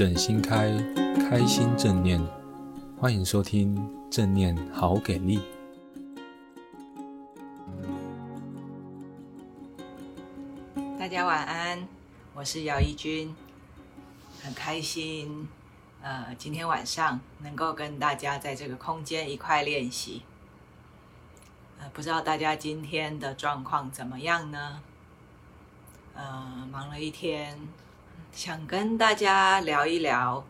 正心開，開心正念，歡迎收聽正念好給力。大家晚安，我是姚怡君，很開心，呃，今天晚上能夠跟大家在這個空間一塊練習，呃，不知道大家今天的狀況怎麼樣呢？呃，忙了一天。想跟大家聊一聊，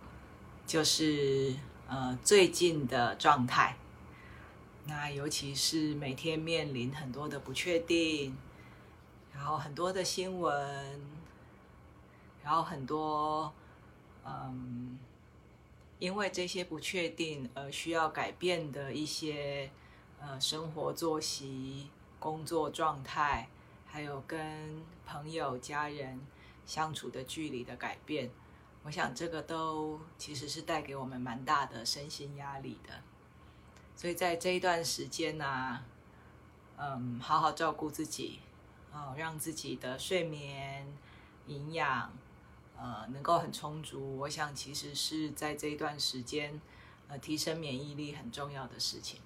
就是呃最近的狀態，那尤其是每天面臨很多的不確定，然後很多的新聞，然後很多嗯，因為這些不確定而需要改變的一些呃生活作息、工作狀態，還有跟朋友、家人。相處的距離的改變，我想這個都其實是帶給我們蠻大的身心壓力的。所以在這一段時間呢，啊，嗯，好好照顧自己，哦，讓自己的睡眠、營養，呃，能夠很充足。我想其實是在這一段時間，呃，提升免疫力很重要的事情。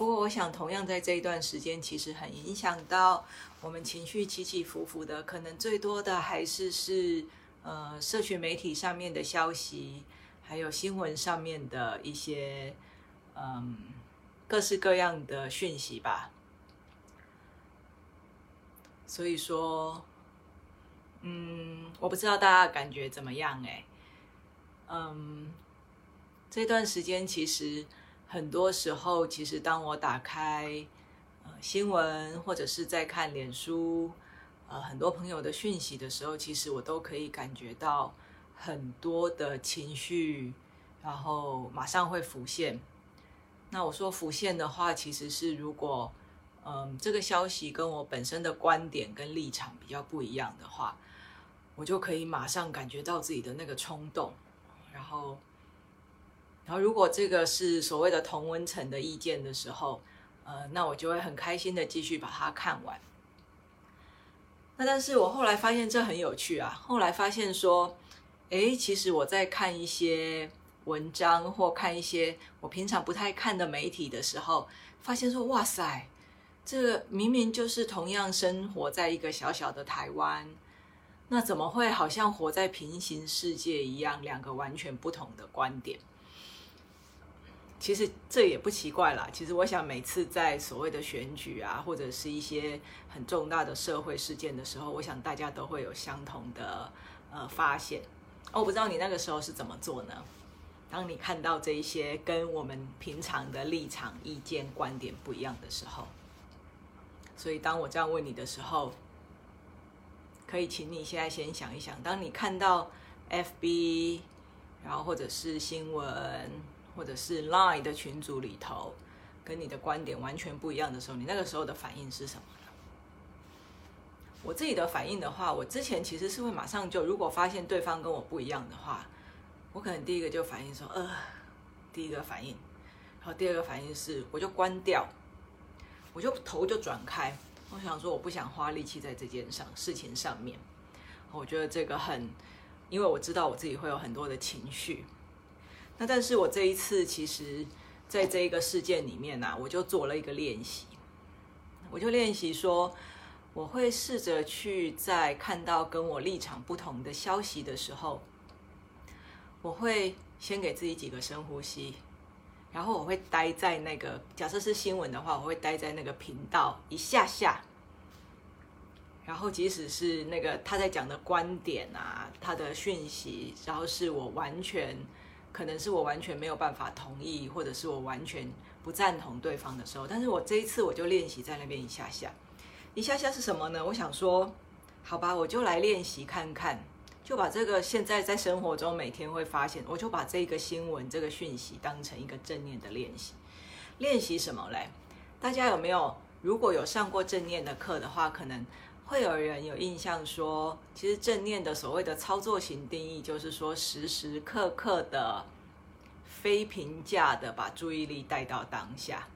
不過，我想同樣在這一段時間，其實很影響到我們情緒起起伏伏的，可能最多的還是是呃，社群媒體上面的消息，還有新聞上面的一些嗯，各式各樣的訊息吧。所以說，嗯，我不知道大家感覺怎麼樣欸，嗯，這段時間其實。很多時候，其實當我打開呃，新聞，或者是在看臉書，呃，很多朋友的訊息的時候，其實我都可以感覺到很多的情緒，然後馬上會浮現。那我說浮現的話，其實是如果嗯呃這個消息跟我本身的觀點跟立場比較不一樣的話，我就可以馬上感覺到自己的那個衝動，然後。然後，如果這個是所謂的同溫層的意見的時候，呃，那我就會很開心的繼續把它看完。那但是我後來發現這很有趣啊。後來發現說，哎，其實我在看一些文章或看一些我平常不太看的媒體的時候，發現說，哇塞，這個，明明就是同樣生活在一個小小的台灣，那怎麼會好像活在平行世界一樣，兩個完全不同的觀點？其實這也不奇怪啦。其實我想，每次在所謂的選舉啊，或者是一些很重大的社會事件的時候，我想大家都會有相同的呃發現。我、哦、不知道你那個時候是怎麼做呢？當你看到這一些跟我們平常的立場、意見、觀點不一樣的時候，所以當我這樣問你的時候，可以請你現在先想一想，當你看到 FB，然後或者是新聞。或者是 Line 的群組裡頭，跟你的觀點完全不一樣的時候，你那個時候的反應是什麼呢？我自己的反應的話，我之前其實是會馬上就，如果發現對方跟我不一樣的話，我可能第一個就反應說，呃，第一個反應，然後第二個反應是，我就關掉，我就頭就轉開，我想說我不想花力氣在這件上事情上面，我覺得這個很，因為我知道我自己會有很多的情緒。那但是我這一次，其實在這一個事件裡面呢，啊，我就做了一個練習，我就練習說，我會試着去在看到跟我立場不同的消息的時候，我會先給自己幾個深呼吸，然後我會待在那個，假設是新聞的話，我會待在那個頻道一下下，然後即使是那個他在講的觀點啊，他的訊息，然後是我完全。可能是我完全沒有辦法同意，或者是我完全不贊同對方的時候，但是我這一次我就練習在那邊一下下，一下下是什麼呢？我想說，好吧，我就來練習看看，就把這個現在在生活中每天會發現，我就把這個新聞這個訊息當成一個正念的練習，練習什麼嘞？大家有沒有，如果有上過正念的課的話，可能。會有人有印象說，其實正念的所謂的操作型定義，就是說時時刻刻的非評價的把注意力帶到當下。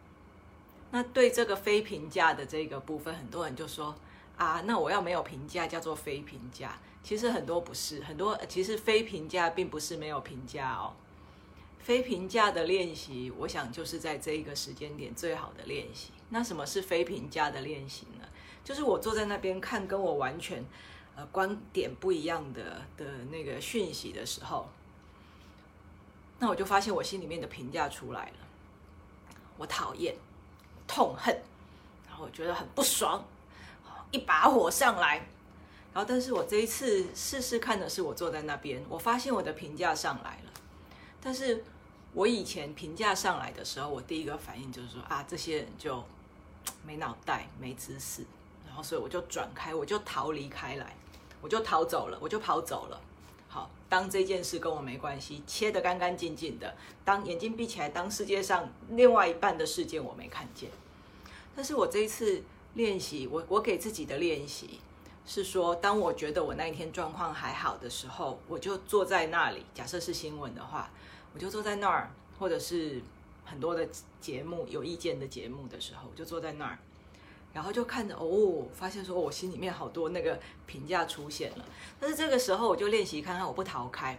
那對這個非評價的這個部分，很多人就說啊，那我要沒有評價叫做非評價？其實很多不是，很多其實非評價並不是沒有評價哦。非評價的練習，我想就是在這一個時間點最好的練習。那什麼是非評價的練習呢？就是我坐在那邊看跟我完全，呃，觀點不一樣的的那個訊息的時候，那我就發現我心裡面的評價出來了，我討厭，痛恨，然後我覺得很不爽，一把火上來，然後但是我這一次試試看的是我坐在那邊，我發現我的評價上來了，但是我以前評價上來的時候，我第一個反應就是說啊，這些人就沒腦袋，沒知識。然後，所以我就轉開，我就逃離開來，我就逃走了，我就跑走了。好，當這件事跟我沒關係，切得乾乾淨淨的。當眼睛閉起來，當世界上另外一半的事件我沒看見。但是我這一次練習，我我給自己的練習是說，當我覺得我那一天狀況還好的時候，我就坐在那裡。假設是新聞的話，我就坐在那兒；或者是很多的節目，有意見的節目的時候，我就坐在那兒。然後就看着哦，發現說我心裡面好多那個評價出現了。但是這個時候我就練習看看，我不逃開，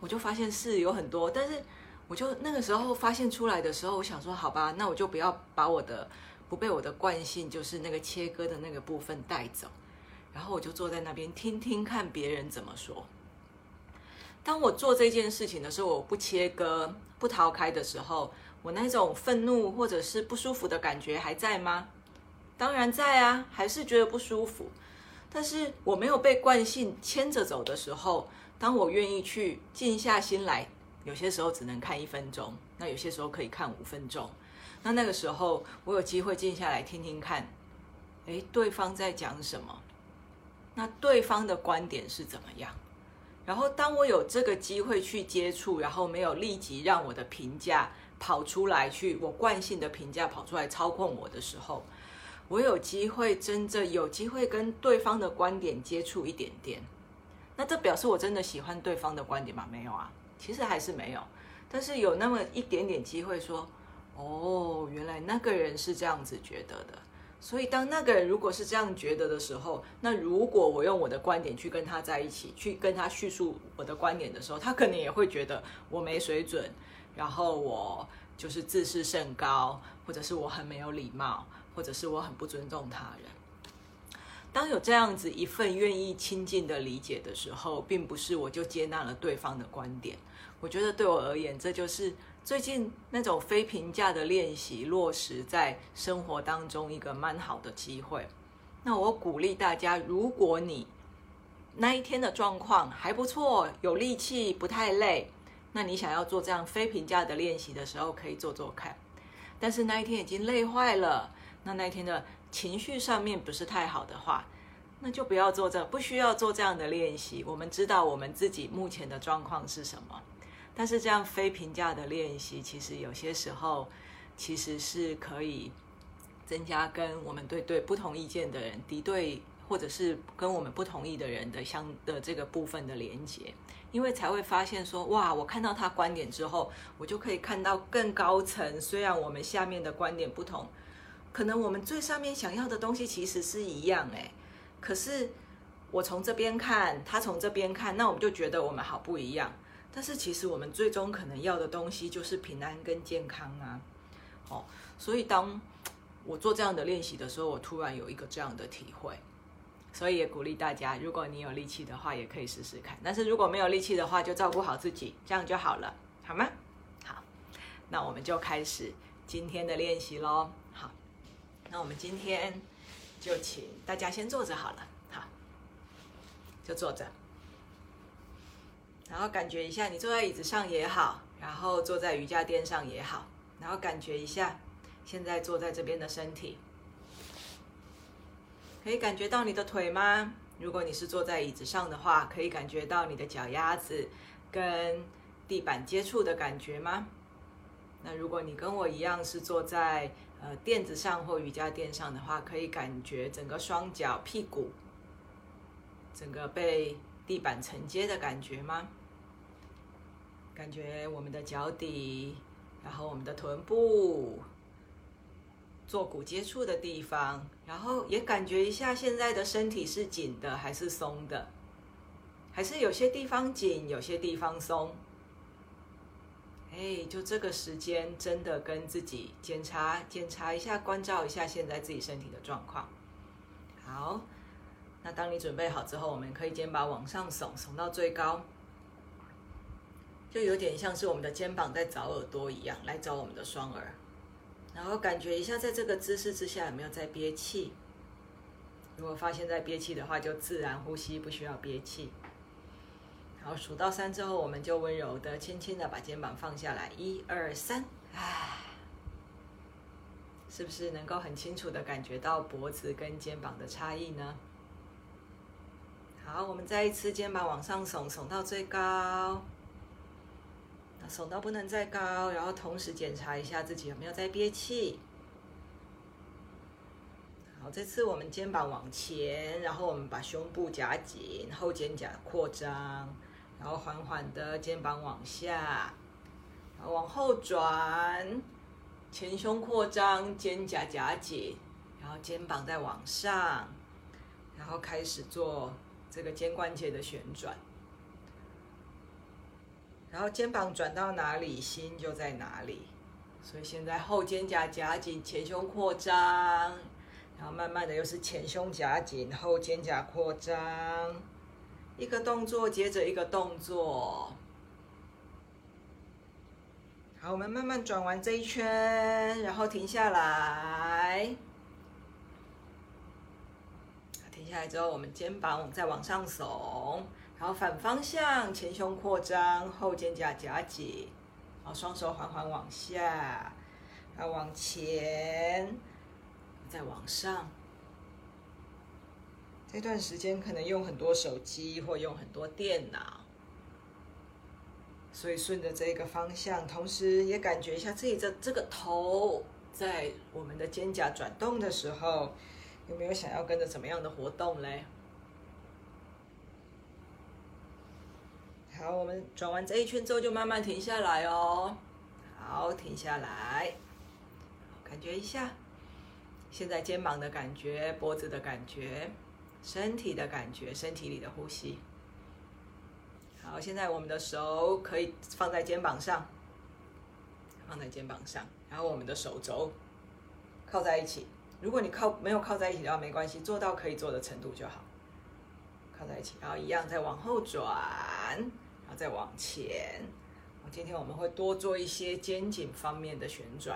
我就發現是有很多。但是我就那個時候發現出來的時候，我想說好吧，那我就不要把我的不被我的慣性，就是那個切割的那個部分帶走。然後我就坐在那邊聽聽看別人怎麼說。當我做這件事情的時候，我不切割、不逃開的時候，我那種憤怒或者是不舒服的感覺還在嗎？當然在啊，還是覺得不舒服。但是我沒有被慣性牽着走的時候，當我願意去靜下心來，有些時候只能看一分鐘，那有些時候可以看五分鐘。那那個時候，我有機會靜下來聽聽看，誒，對方在講什麼？那對方的觀點是怎麼樣？然後，當我有這個機會去接觸，然後沒有立即讓我的評價跑出來去，我慣性的評價跑出來操控我的時候。我有機會真正有機會跟對方的觀點接觸一點點，那這表示我真的喜歡對方的觀點嗎？沒有啊，其實還是沒有。但是有那麼一點點機會說，哦，原來那個人是這樣子覺得的。所以當那個人如果是這樣覺得的時候，那如果我用我的觀點去跟他在一起，去跟他敘述我的觀點的時候，他可能也會覺得我沒水準，然後我就是自視甚高，或者是我很沒有禮貌。或者是我很不尊重他人。當有這樣子一份願意親近的理解的時候，並不是我就接納了對方的觀點。我覺得對我而言，這就是正念那種非評價的練習落實在生活當中一個蠻好的機會。那我鼓勵大家，如果你那一天的狀況還不錯，有力氣，不太累，那你想要做這樣非評價的練習的時候，可以做做看。但是那一天已經累壞了。那那天的情緒上面不是太好的話，那就不要做這，不需要做這樣的練習。我們知道我們自己目前的狀況是什麼，但是這樣非評價的練習，其實有些時候其實是可以增加跟我們對對不同意見的人敵對，或者是跟我們不同意的人的相的這個部分的連接，因為才會發現說，哇，我看到他觀點之後，我就可以看到更高層，雖然我們下面的觀點不同。可能我們最上面想要的東西其實是一樣哎，可是我從這邊看，他從這邊看，那我們就覺得我們好不一樣。但是其實我們最終可能要的東西就是平安跟健康啊。哦，所以當我做這樣的練習的時候，我突然有一個這樣的體會，所以也鼓勵大家，如果你有力氣的話，也可以試試看。但是如果沒有力氣的話，就照顧好自己，這樣就好了，好嗎？好，那我們就開始今天的練習嘍。那我們今天就請大家先坐着好了，好，就坐着，然後感覺一下，你坐在椅子上也好，然後坐在瑜伽墊上也好，然後感覺一下，現在坐在這邊的身體，可以感覺到你的腿嗎？如果你是坐在椅子上的話，可以感覺到你的腳丫子跟地板接觸的感覺嗎？那如果你跟我一樣是坐在呃，墊子上或瑜伽墊上的話，可以感覺整個雙腳、屁股，整個被地板承接的感覺嗎？感覺我們的腳底，然後我們的臀部、坐骨接觸的地方，然後也感覺一下現在的身體是緊的還是鬆的，還是有些地方緊，有些地方鬆。哎，hey, 就這個時間，真的跟自己檢查、檢查一下、關照一下現在自己身體的狀況。好，那當你準備好之後，我們可以肩膀往上聳，聳到最高，就有點像是我們的肩膀在找耳朵一樣，來找我們的雙耳，然後感覺一下，在這個姿勢之下有沒有在憋氣。如果發現在憋氣的話，就自然呼吸，不需要憋氣。好，數到三之後，我們就溫柔的、輕輕的把肩膀放下來。一二三，唉，是不是能夠很清楚的感覺到脖子跟肩膀的差異呢？好，我們再一次肩膀往上聳，聳到最高，那聳到不能再高，然後同時檢查一下自己有沒有在憋氣。好，這次我們肩膀往前，然後我們把胸部夾緊，後肩胛擴張。然後緩緩的肩膀往下，然後往後轉，前胸擴張，肩胛夾緊，然後肩膀再往上，然後開始做這個肩關節的旋轉。然後肩膀轉到哪裡，心就在哪裡。所以現在後肩胛夾緊，前胸擴張，然後慢慢的又是前胸夾緊，後肩胛擴張。一個動作接着一個動作，好，我們慢慢轉完這一圈，然後停下來。停下來之後，我們肩膀再往上聳，然後反方向前胸擴張，後肩胛夾緊。然後雙手緩緩往下，再往前，再往上。這段時間可能用很多手機或用很多電腦，所以順着這個方向，同時也感覺一下自己的這個頭在我們的肩胛轉動的時候，有沒有想要跟着怎麼樣的活動嘞？好，我們轉完這一圈之後就慢慢停下來哦。好，停下來，感覺一下現在肩膀的感覺，脖子的感覺。身體的感覺，身體裡的呼吸。好，現在我們的手可以放在肩膀上，放在肩膀上，然後我們的手肘靠在一起。如果你靠沒有靠在一起的話，沒關係，做到可以做的程度就好。靠在一起，然後一樣再往後轉，然後再往前。今天我們會多做一些肩頸方面的旋轉，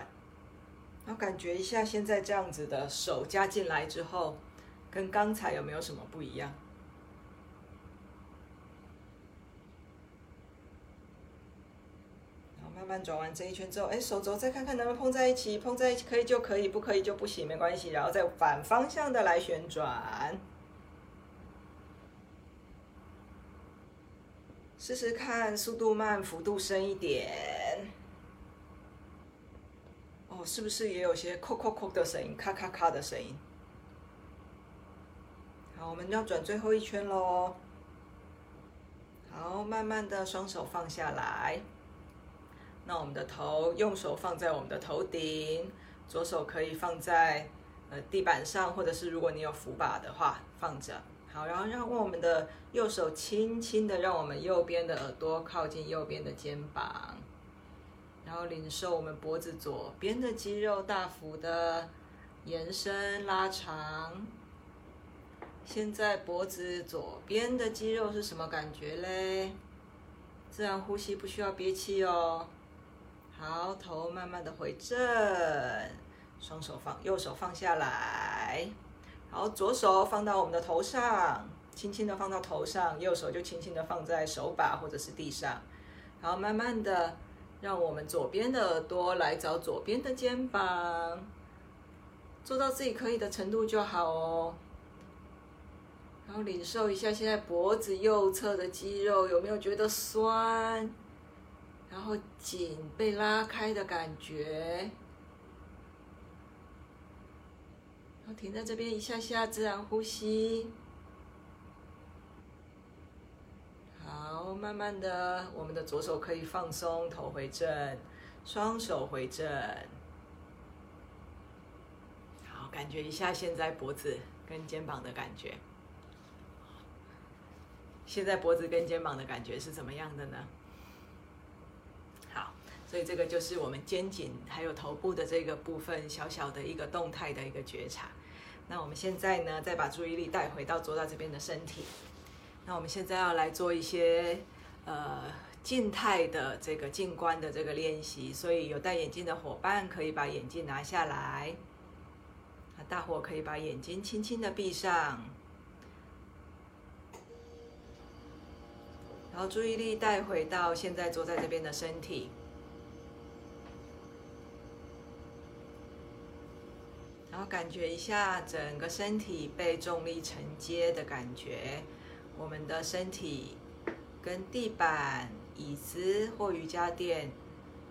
然後感覺一下現在這樣子的手加進來之後。跟剛才有沒有什麼不一樣？然後慢慢轉完這一圈之後，哎、欸，手肘再看看能不能碰在一起，碰在一起可以就可以，不可以就不行，沒關係。然後再反方向的來旋轉，試試看，速度慢，幅度深一點。哦，是不是也有些“扣扣扣”的聲音，“咔咔咔”的聲音？好，我們要轉最後一圈嘍。好，慢慢的雙手放下來。那我們的頭，右手放在我們的頭頂，左手可以放在呃地板上，或者是如果你有扶把的話放着。好，然後讓我們的右手輕輕的，讓我們右邊的耳朵靠近右邊的肩膀，然後領受我們脖子左邊的肌肉大幅的延伸拉長。現在脖子左邊的肌肉是什麼感覺嘞？自然呼吸，不需要憋氣哦。好，頭慢慢的回正，雙手放，右手放下來，然後左手放到我們的頭上，輕輕的放到頭上，右手就輕輕的放在手把或者是地上。然後慢慢的，讓我們左邊的耳朵來找左邊的肩膀，做到自己可以的程度就好哦。然後領受一下，現在脖子右側的肌肉有沒有覺得痠？然後緊被拉開的感覺。然後停在這邊，一下下自然呼吸。好，慢慢的，我們的左手可以放鬆，頭回正，雙手回正。好，感覺一下現在脖子跟肩膀的感覺。現在脖子跟肩膀的感覺是怎麼樣的呢？好，所以這個就是我們肩頸還有頭部的這個部分，小小的一個動態的一個覺察。那我們現在呢，再把注意力帶回到坐到這邊的身體。那我們現在要來做一些呃靜態的這個靜觀的這個練習，所以有戴眼鏡的夥伴可以把眼鏡拿下來。那大夥可以把眼睛輕輕的閉上。然後注意力帶回到現在坐在這邊的身體，然後感覺一下整個身體被重力承接的感覺，我們的身體跟地板、椅子或瑜伽墊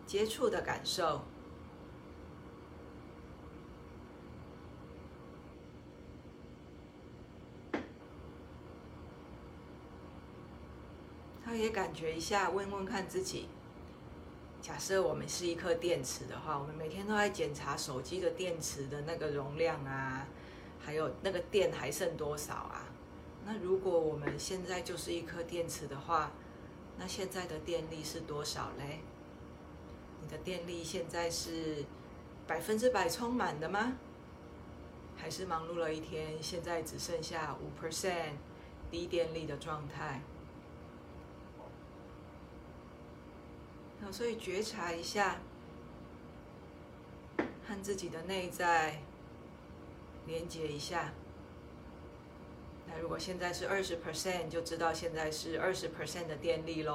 接觸的感受。可以感覺一下，問問看自己。假設我們是一顆電池的話，我們每天都在檢查手機的電池的那個容量啊，還有那個電還剩多少啊？那如果我們現在就是一顆電池的話，那現在的電力是多少嘞？你的電力現在是百分之百充滿的嗎？還是忙碌了一天，現在只剩下五 percent 低電力的狀態？所以覺察一下，和自己的內在連接一下。那如果現在是二十 percent，就知道現在是二十 percent 的電力嘍。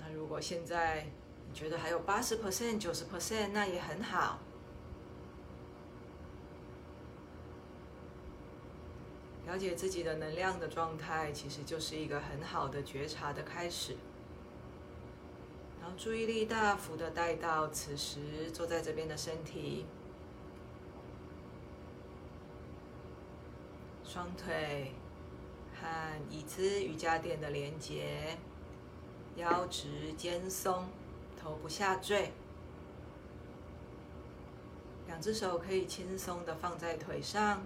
那如果現在你覺得還有八十 percent、九十 percent，那也很好。了解自己的能量的狀態，其實就是一個很好的覺察的開始。注意力大幅的帶到此時坐在這邊的身體、雙腿和椅子、瑜伽墊的連接，腰直、肩鬆、頭不下墜，兩只手可以輕鬆的放在腿上，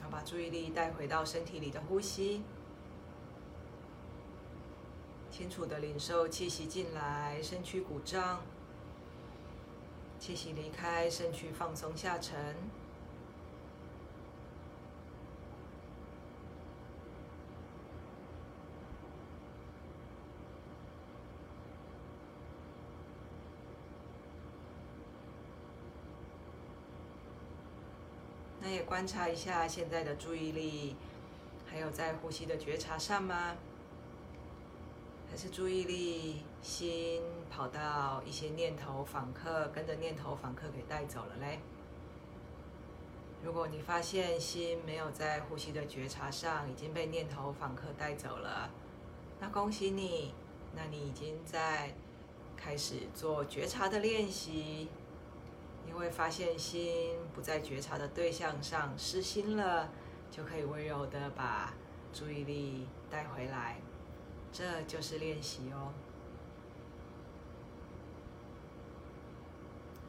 然後把注意力帶回到身體裡的呼吸。清楚的領受氣息進來，身軀鼓脹；氣息離開，身軀放鬆下沉。那也觀察一下現在的注意力，還有在呼吸的覺察上嗎？還是注意力心跑到一些念頭訪客，跟着念頭訪客給帶走了嘞。如果你發現心沒有在呼吸的覺察上，已經被念頭訪客帶走了，那恭喜你，那你已經在開始做覺察的練習。因為發現心不在覺察的對象上失心了，就可以溫柔的把注意力帶回來。這就是練習哦，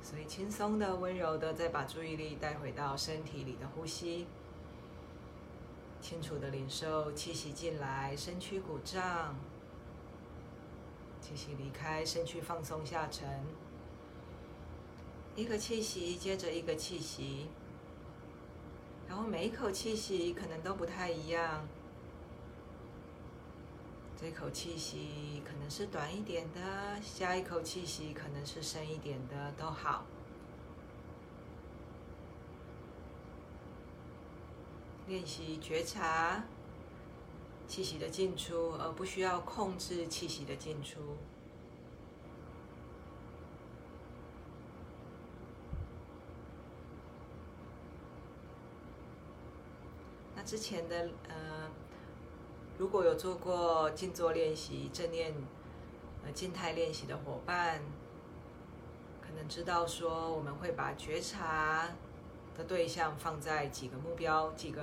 所以輕鬆的、溫柔的，再把注意力帶回到身體裡的呼吸，清楚的領受氣息進來，身軀鼓脹；氣息離開，身軀放鬆下沉。一個氣息接着一個氣息，然後每一口氣息可能都不太一樣。這口氣息可能是短一點的，下一口氣息可能是深一點的，都好。練習覺察氣息的進出，而不需要控制氣息的進出。那之前的，呃，如果有做過靜坐練習、正念、呃靜態練習的夥伴，可能知道說我們會把覺察的對象放在幾個目標、幾個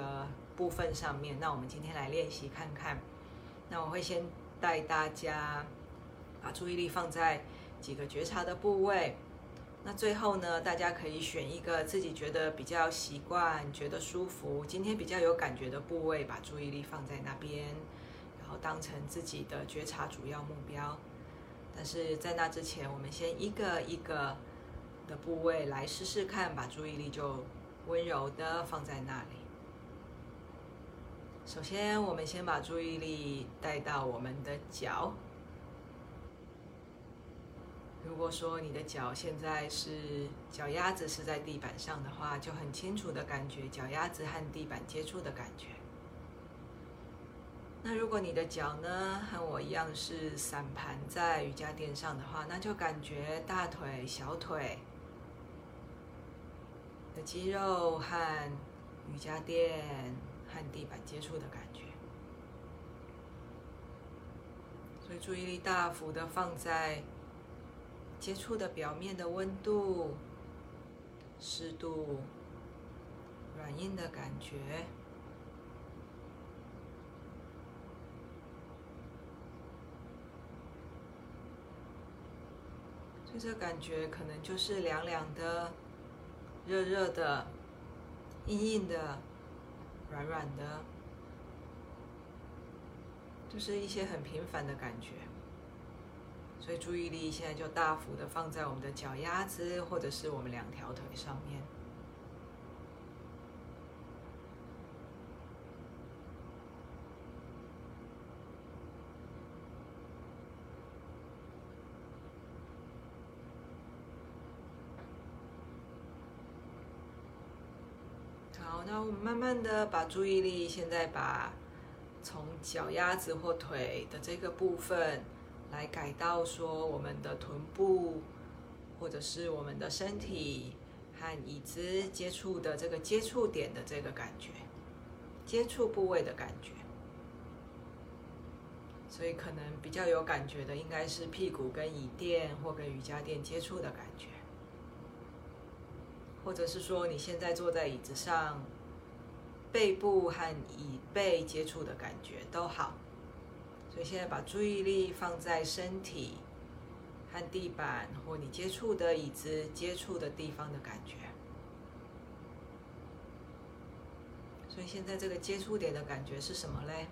部分上面。那我們今天來練習看看。那我會先帶大家把注意力放在幾個覺察的部位。那最後呢，大家可以選一個自己覺得比較習慣、覺得舒服、今天比較有感覺的部位，把注意力放在那邊，然後當成自己的覺察主要目標。但是在那之前，我們先一個一個的部位來試試看，把注意力就溫柔的放在那裡。首先，我們先把注意力帶到我們的腳。如果說你的腳現在是腳丫子是在地板上的話，就很清楚的感覺腳丫子和地板接觸的感覺。那如果你的腳呢，和我一樣是散盤在瑜伽墊上的話，那就感覺大腿、小腿的肌肉和瑜伽墊和地板接觸的感覺。所以注意力大幅的放在，接觸的表面的溫度、濕度、軟硬的感覺，就這感覺可能就是涼涼的、熱熱的、硬硬的、軟軟的，就是一些很平凡的感覺。所以注意力現在就大幅的放在我們的腳丫子，或者是我們兩條腿上面。好，那我們慢慢的把注意力現在把從腳丫子或腿的這個部分。來改到說我們的臀部，或者是我們的身體和椅子接觸的這個接觸點的這個感覺，接觸部位的感覺。所以可能比較有感覺的應該是屁股跟椅墊或跟瑜伽墊接觸的感覺，或者是說你現在坐在椅子上，背部和椅背接觸的感覺都好。所以現在把注意力放在身體和地板或你接觸的椅子接觸的地方的感覺。所以現在這個接觸點的感覺是什麼嘞？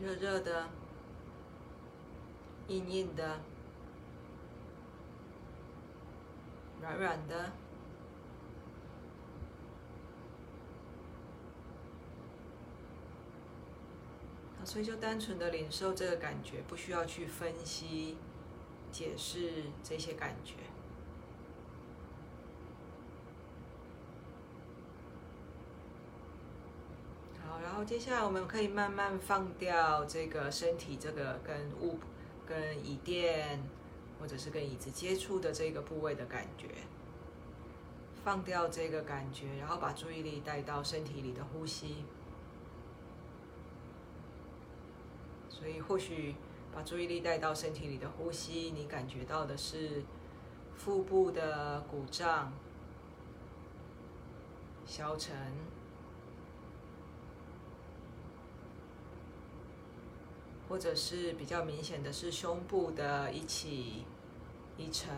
熱熱的，硬硬的，軟軟的。所以就單純的領受這個感覺，不需要去分析、解釋這些感覺。好，然後接下來我們可以慢慢放掉這個身體這個跟物、跟椅墊或者是跟椅子接觸的這個部位的感覺，放掉這個感覺，然後把注意力帶到身體裡的呼吸。所以，或許把注意力帶到身體裡的呼吸，你感覺到的是腹部的鼓脹、消沉，或者是比較明顯的是胸部的一起一沉。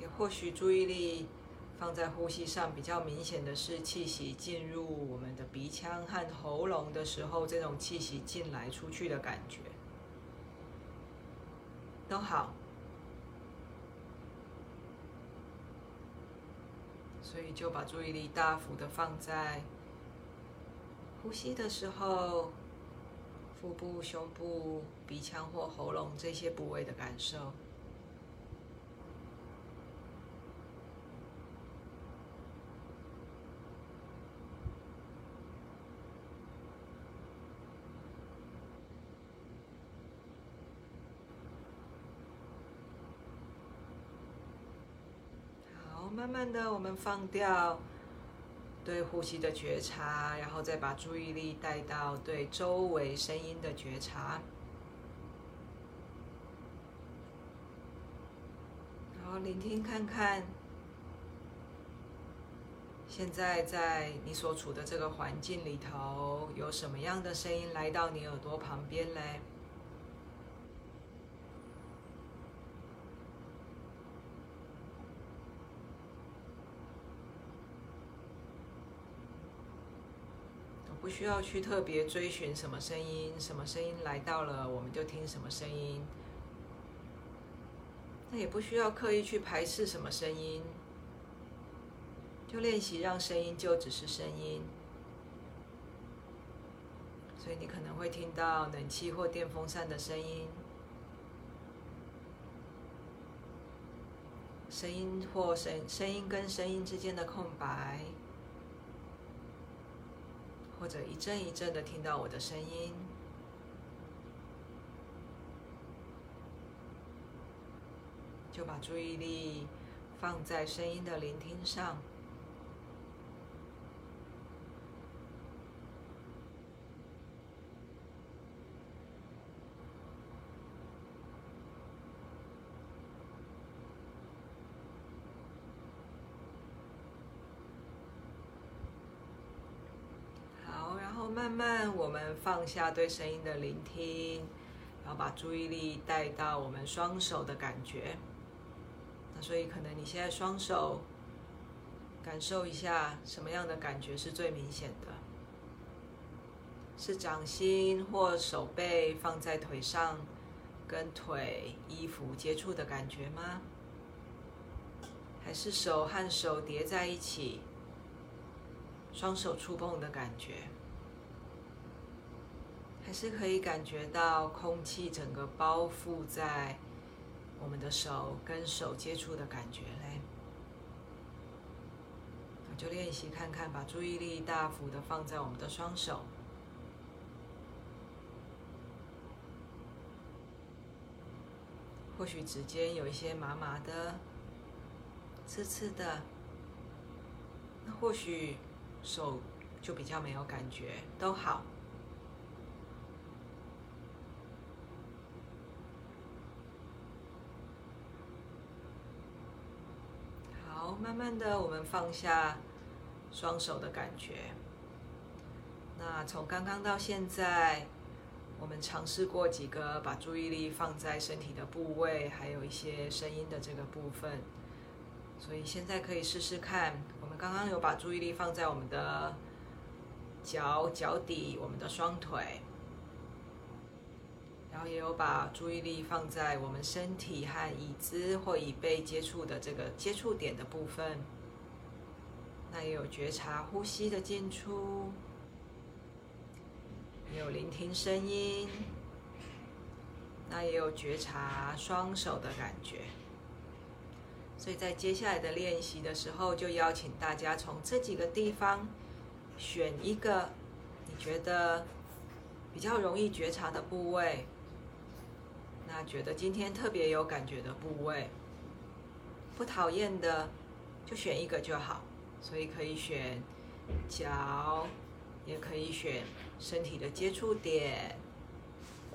也或許注意力。放在呼吸上比較明顯的是，氣息進入我們的鼻腔和喉嚨的時候，這種氣息進來出去的感覺都好。所以就把注意力大幅地放在呼吸的時候，腹部、胸部、鼻腔或喉嚨這些部位的感受。慢慢的，我們放掉對呼吸的覺察，然後再把注意力帶到對周圍聲音的覺察，然後聆聽看看，現在在你所處的這個環境裡頭，有什麼樣的聲音來到你耳朵旁邊嘞？不需要去特別追尋什麼聲音，什麼聲音來到了，我們就聽什麼聲音。那也不需要刻意去排斥什麼聲音，就練習讓聲音就只是聲音。所以你可能會聽到冷氣或電風扇的聲音，聲音或聲聲音跟聲音之間的空白。或者一陣一陣的聽到我的聲音，就把注意力放在聲音的聆聽上。慢慢，我們放下對聲音的聆聽，然後把注意力帶到我們雙手的感覺。那所以，可能你現在雙手感受一下，什麼樣的感覺是最明顯的？是掌心或手背放在腿上，跟腿、衣服接觸的感覺嗎？還是手和手疊在一起，雙手觸碰的感覺？還是可以感覺到空氣整個包覆在我們的手跟手接觸的感覺呢？就練習看看，把注意力大幅的放在我們的雙手，或許指尖有一些麻麻的、刺刺的，那或許手就比較沒有感覺，都好。慢慢的，我們放下雙手的感覺。那從剛剛到現在，我們嘗試過幾個把注意力放在身體的部位，還有一些聲音的這個部分。所以現在可以試試看，我們剛剛有把注意力放在我們的腳，腳底，我們的雙腿。然後也有把注意力放在我們身體和椅子或椅背接觸的這個接觸點的部分，那也有覺察呼吸的進出，也有聆聽聲音，那也有覺察雙手的感覺。所以在接下來的練習的時候，就邀請大家從這幾個地方選一個你覺得比較容易覺察的部位。那覺得今天特別有感覺的部位，不討厭的，就選一個就好。所以可以選腳，也可以選身體的接觸點，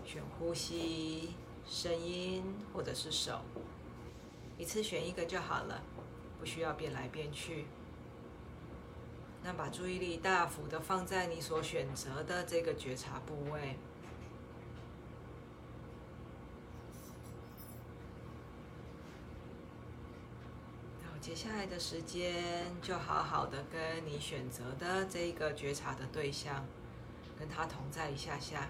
選呼吸、聲音或者是手，一次選一個就好了，不需要變來變去。那把注意力大幅的放在你所選擇的這個覺察部位。接下來的時間，就好好的跟你選擇的這一個覺察的對象，跟他同在一下下。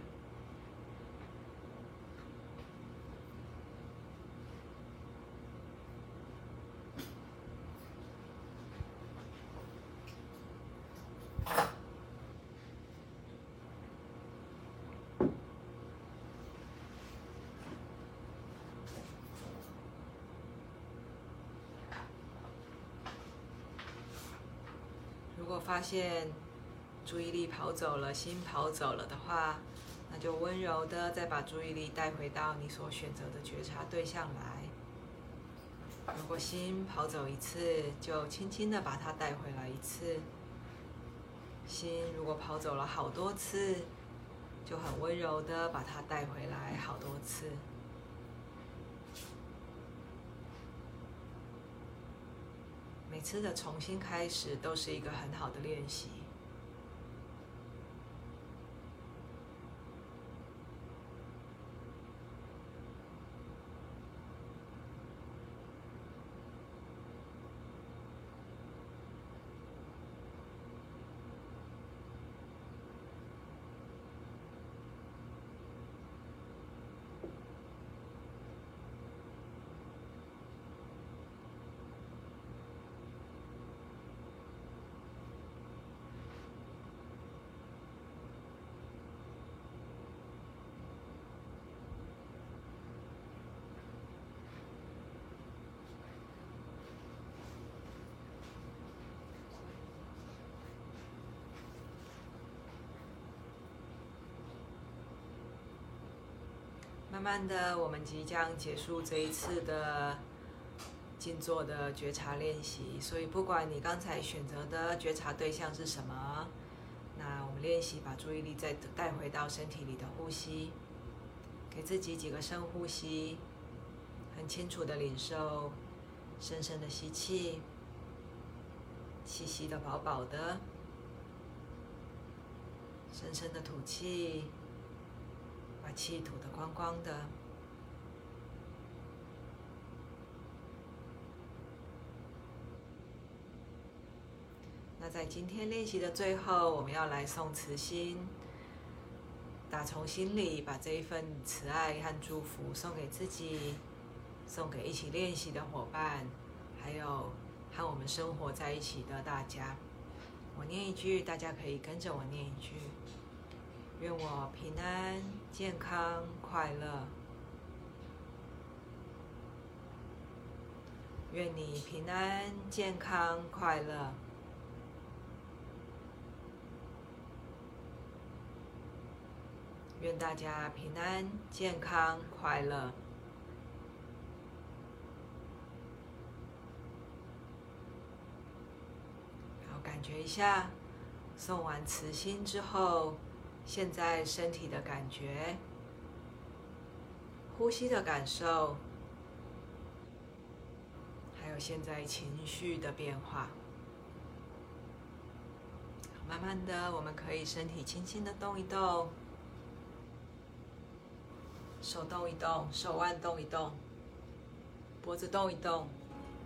發現注意力跑走了，心跑走了的話，那就溫柔的再把注意力帶回到你所選擇的覺察對象來。如果心跑走一次，就輕輕的把它帶回來一次。心如果跑走了好多次，就很溫柔的把它帶回來好多次。每次的重新開始都是一個很好的練習。慢的，我們即將結束這一次的靜坐的覺察練習，所以不管你剛才選擇的覺察對象是什麼，那我們練習把注意力再帶回到身體裡的呼吸，給自己幾個深呼吸，很清楚的領受，深深的吸氣，氣息的飽飽的，深深的吐氣。把氣吐的光光的。那在今天練習的最後，我們要來送慈心，打從心裡把這一份慈愛和祝福送給自己，送給一起練習的夥伴，還有和我們生活在一起的大家。我念一句，大家可以跟着我念一句：願我平安，健康快樂，願你平安、健康、快樂。願大家平安、健康、快樂。然後感覺一下，送完慈心之後。現在身體的感覺，呼吸的感受，還有現在情緒的變化。慢慢的，我們可以身體輕輕的動一動，手動一動，手腕動一動，脖子動一動，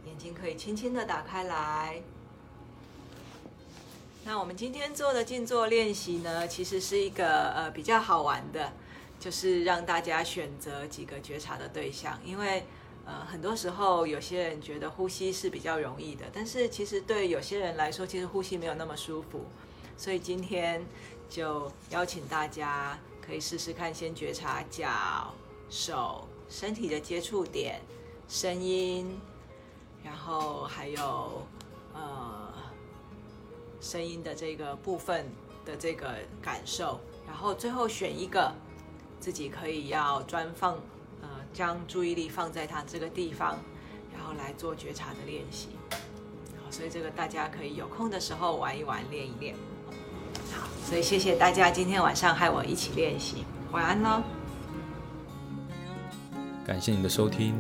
眼睛可以輕輕的打開來。那我們今天做的靜坐練習呢，其實是一個呃比較好玩的，就是讓大家選擇幾個覺察的對象，因為呃很多時候有些人覺得呼吸是比較容易的，但是其實對有些人來說，其實呼吸沒有那麼舒服，所以今天就邀請大家可以試試看，先覺察腳、手、身體的接觸點、聲音，然後還有呃。聲音的這個部分的這個感受，然後最後選一個自己可以要專放，呃，將注意力放在它這個地方，然後來做覺察的練習。好，所以這個大家可以有空的時候玩一玩，練一練。好，所以謝謝大家今天晚上和我一起練習，晚安咯。感謝你的收聽，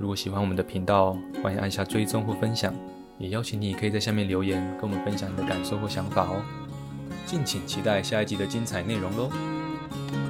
如果喜歡我們的頻道，歡迎按下追蹤或分享。也邀請你可以在下面留言，跟我們分享你的感受或想法哦。敬請期待下一集的精彩內容嘍。